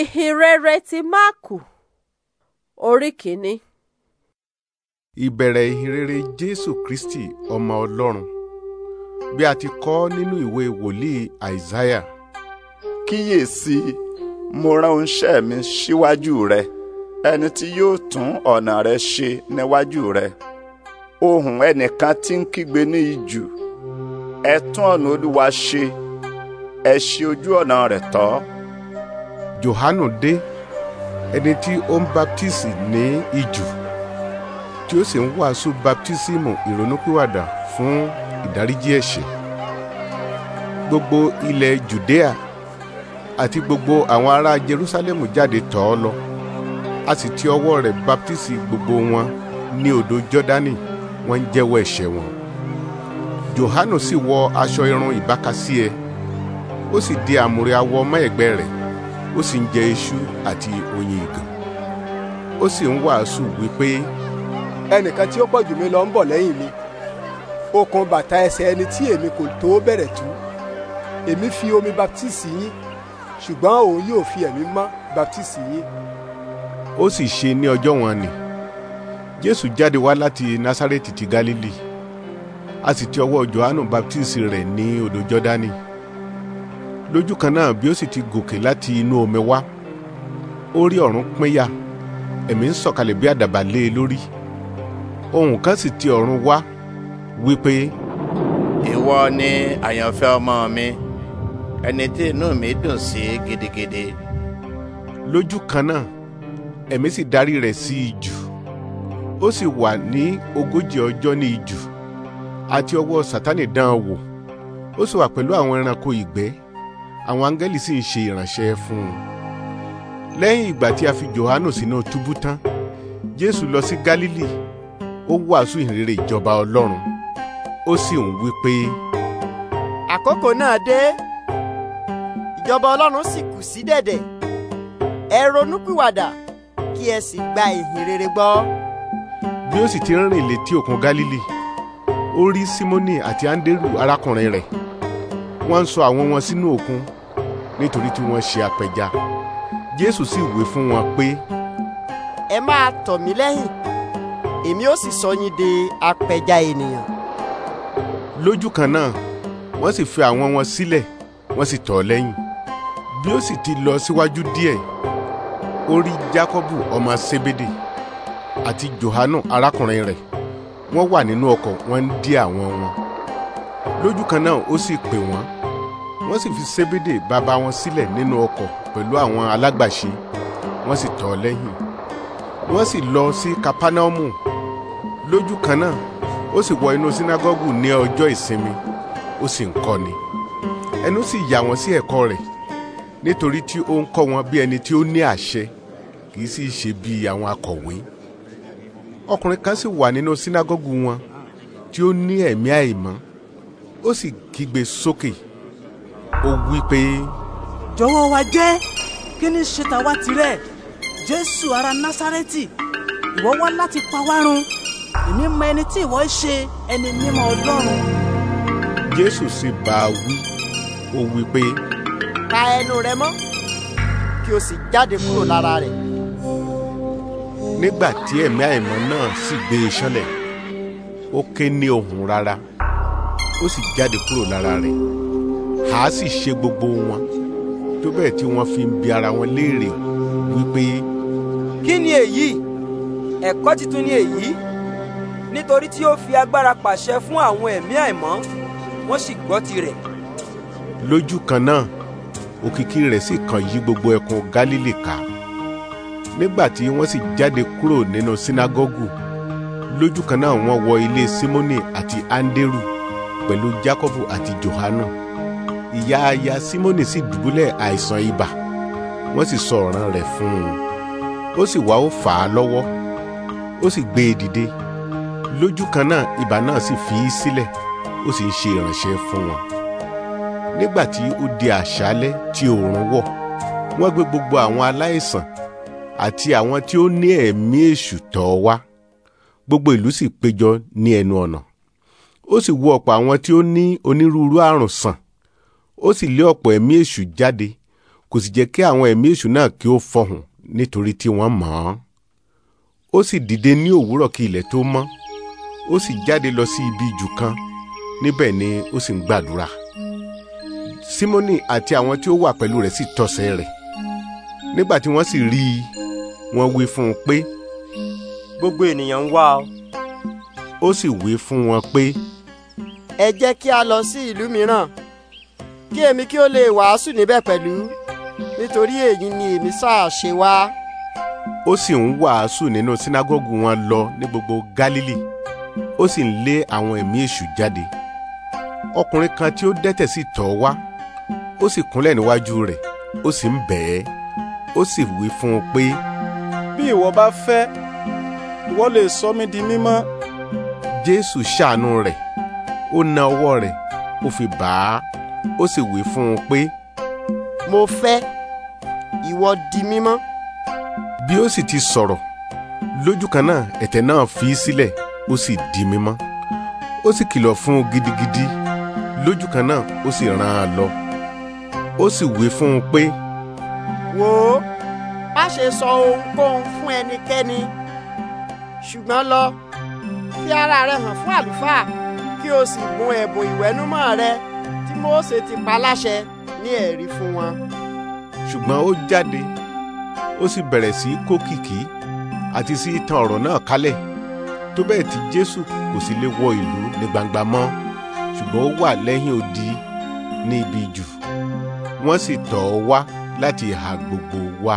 ìhìnrere ti máàkù orí kìíní. ìbẹ̀rẹ̀ ìhìnrere jésù kristi ọmọ ọlọ́run bí a ti kọ nínú ìwé wòlíì àìsáyà. kíyèsí mo rán oníṣẹ́ mi síwájú rẹ ẹni tí yóò tún ọ̀nà rẹ ṣe níwájú rẹ ohùn ẹnìkan tí ń kígbe ní ijù ẹ tún ọ̀nà olúwa ṣe ẹ ṣe ojú ọ̀nà rẹ̀ tọ́ johanu dé ẹni tí ó ń baptisi ní ijù tí ó sì ń wàásù baptisimu ìrònúpìwàdà fún ìdáríjì ẹ̀ṣẹ̀ gbogbo ilẹ̀ judea àti gbogbo àwọn ará jerusalemu jáde tọ̀ ọ́ lọ a sì ti ọwọ́ rẹ̀ baptisi gbogbo wọn ní odò jọ́dánì wọ́n ń jẹ́wọ́ ẹ̀ṣẹ̀ wọn johanu sì wọ aṣọ irun ìbákasíẹ ó sì di àmùrè awọ mọ́ ẹ̀gbẹ́ rẹ̀ ó sì ń jẹ iṣu àti oyin ìgàn ó sì ń wàásù wípé. ẹnìkan tí ó pọ̀ jù mí lọ ń bọ̀ lẹ́yìn mi okùn bàtà ẹsẹ̀ ẹni tí èmi kò tó bẹ̀rẹ̀ tú èmi fi omi baptisi yín ṣùgbọ́n òun yóò fi ẹ̀mí mọ́ baptisi yín. ó sì ṣe ní ọjọ́ wọn ni jésù jáde wá láti násárẹ́tì ti galili a sì ti ọwọ́ johannu baptisi rẹ̀ ní odò jọ́dánì lójú kan náà bí ó sì ti gòkè láti inú omi wá ó rí ọ̀run pínyà ẹ̀mí ń sọ̀kalẹ̀ bí àdàbà lé e lórí ohùn kan sì ti ọ̀run wá wípé. ìwọ ni àyànfẹ́ ọmọ mi ẹni tí inú mi dùn sí gidigidi. lójú kan náà ẹ̀mí sì darí rẹ̀ sí ijù ó sì wà ní ogójì ọjọ́ ní ijù àti ọwọ́ sátánì dán an wò ó sì wà pẹ̀lú àwọn ẹranko ìgbẹ́ àwọn áńgẹ́lì sì ń ṣe ìrànṣẹ́ fún un. lẹ́yìn ìgbà tí a fi Jòhánù sínú túbú tán Jésù lọ sí Gálílì ó wàásù ìhìnrere ìjọba Ọlọ́run ó sì ń wí pé. àkókò náà dé ìjọba Ọlọ́run sì kù sí dẹ̀dẹ̀ ẹ ronúpìwàdà kí ẹ sì gba ìhìnrere gbọ́. bí ó sì ti rìn létí òkun Gálílì ó rí Símónì àti Áńdérù arákùnrin rẹ̀ wọ́n ń sọ àwọn wọn sínú òkun nítorí tí wọ́n ṣe apẹja jésù sì wí fún wọn pé. ẹ máa tọ̀ mí lẹ́yìn èmi ó sì sọ yín di apẹja ènìyàn. lójú kan náà wọ́n sì fi àwọn wọn sílẹ̀ wọ́n sì tọ̀ lẹ́yìn bí ó sì ti lọ síwájú díẹ̀ ó rí jákọ́bù ọmọ sébédè àti johanu arákùnrin rẹ̀ wọ́n wà nínú ọkọ̀ wọ́n ń dí àwọn wọn lójú kan náà ó sì pè wọ́n wọ́n sì fi sébédè bàbá wọn sílẹ̀ nínú ọkọ̀ pẹ̀lú àwọn alágbàṣe wọ́n sì tọ̀ ọ́ lẹ́yìn wọ́n sì lọ sí kapanaomu lójú kan náà ó sì wọ inú sínágọ́gù ní ọjọ́ ìsinmi ó sì ń kọ́ni ẹnu sì yà wọ́n sí ẹ̀kọ́ rẹ̀ nítorí tí ó ń kọ́ wọn bí ẹni tí ó ní àṣẹ kì í sì ṣe bí àwọn akọ̀wé ọkùnrin kan sì wà nínú sínágọ́gù wọn tí ó ní ẹ̀mí àìmọ́ ó sì kígbe sókè. So ó wí pé. jọ̀wọ́ wa jẹ́ kí ni ṣe tàwa tirẹ̀ jésù ará násárẹ́tì ìwọ wá láti pa wá run èmi mọ ẹni tí ìwọ ṣe ẹni mímọ́ ọlọ́run. jésù sì bá a wí ó wí pé. pa ẹnu rẹ mọ́ kí o sì jáde kúrò lára rẹ̀. nígbà tí ẹ̀mí àìmọ́ náà sì gbé e ṣánlẹ̀ ó ké ní ohùn rárá ó sì jáde kúrò lára rẹ̀ a sì ṣe gbogbo wọn tó bẹ́ẹ̀ tí wọ́n fi ń bi ara wọn léèrè wípé. kí ni èyí ẹ̀kọ́ tuntun ni èyí nítorí tí ó fi agbára pàṣẹ fún àwọn ẹ̀mí àìmọ́ wọ́n sì gbọ́ tirẹ̀. lójú kan náà òkìkí rẹ̀ sì kàn yí gbogbo ẹkùn Gálílì ká nígbà tí wọ́n sì jáde kúrò nínú sínágọ́gù lójú kan náà wọ́n wọ ilé Símónì àti Áńdérù pẹ̀lú Jákọ́bù àti Jòhánù ìyá aya símónì sì dùbúlẹ̀ àìsàn ibà wọ́n sì sọ ọ̀ràn rẹ̀ fún un ó sì wá ó fà á lọ́wọ́ ó sì gbé e dìde lójú kan náà ibà náà sì fi í sílẹ̀ ó sì ń ṣe ìrànṣẹ́ fún wọn nígbà tí ó di àṣálẹ́ tí oòrùn wọ̀ wọ́n gbé gbogbo àwọn aláìsàn àti àwọn tí ó ní ẹ̀mí èṣù tọ̀ wá gbogbo ìlú sì péjọ ní ẹnu ọ̀nà ó sì wo ọ̀pọ̀ àwọn tí ó ní onírúurú àrùn sàn ó sì lé ọ̀pọ̀ ẹ̀mí èṣù jáde kò sì jẹ́ kí àwọn ẹ̀mí èṣù náà kí ó fọhùn nítorí tí wọ́n mọ̀ ọ́n ó sì dìde ní òwúrọ̀ kí ilẹ̀ tó mọ́ ó sì jáde lọ sí ibi ìjù kan níbẹ̀ ni ó sì ń gbàdúrà Símónì àti àwọn tí ó wà pẹ̀lú rẹ̀ sì tọ̀sẹ̀ rẹ̀ nígbà tí wọ́n sì rí i wọ́n wí fún un pé. gbogbo ènìyàn ń wá ọ. ó sì wí fún wọn pé. ẹ jẹ́ kí a lọ sí ìlú mìíràn kí èmi kí ó lè wàásù níbẹ̀ pẹ̀lú nítorí èyí ni èmi sáà ṣe wá. ó sì ń wàásù nínú sínágọ́gù wọn lọ ní gbogbo Gálílì ó sì ń lé àwọn ẹ̀mí èṣù jáde ọkùnrin kan tí ó dẹ́tẹ̀ sì tọ̀ wá ó sì kúnlẹ̀ níwájú rẹ̀ ó sì ń bẹ̀ ẹ́ ó sì wí fún un pé. bí ìwọ bá fẹ́ ìwọ lè sọ mí di mímọ́. Jésù ṣàánú rẹ̀ ó na ọwọ́ rẹ̀ ó fi bà á ó sì wí fún un pé. mo fẹ́ ìwọ di mímọ́. bí ó sì ti sọ̀rọ̀ lójú kan náà ẹ̀tẹ̀ náà fi í sílẹ̀ ó sì di mímọ́ ó sì kìlọ̀ fún un gidigidi lójú kan náà ó sì rán an lọ ó sì wí fún un pé. wò ó má ṣe sọ ohunkóhun fún ẹnikẹ́ni ṣùgbọ́n lọ fi ara rẹ hàn fún àlùfáà kí o sì bùn ẹ̀bùn ìwẹ̀nùmọ́ rẹ. Mósè ti pa láṣẹ ní ẹ̀rí fún wọn. ṣùgbọ́n ó jáde ó sì bẹ̀rẹ̀ sí í kó kìkì àti sí ìtàn ọ̀rọ̀ náà kálẹ̀ tó bẹ́ẹ̀ tí Jésù kò sì lè wọ ìlú ní gbangba mọ́ ṣùgbọ́n ó wà lẹ́yìn odi ní ibi jù wọ́n sì tọ̀ ọ́ wá láti ìhà gbogbo wa.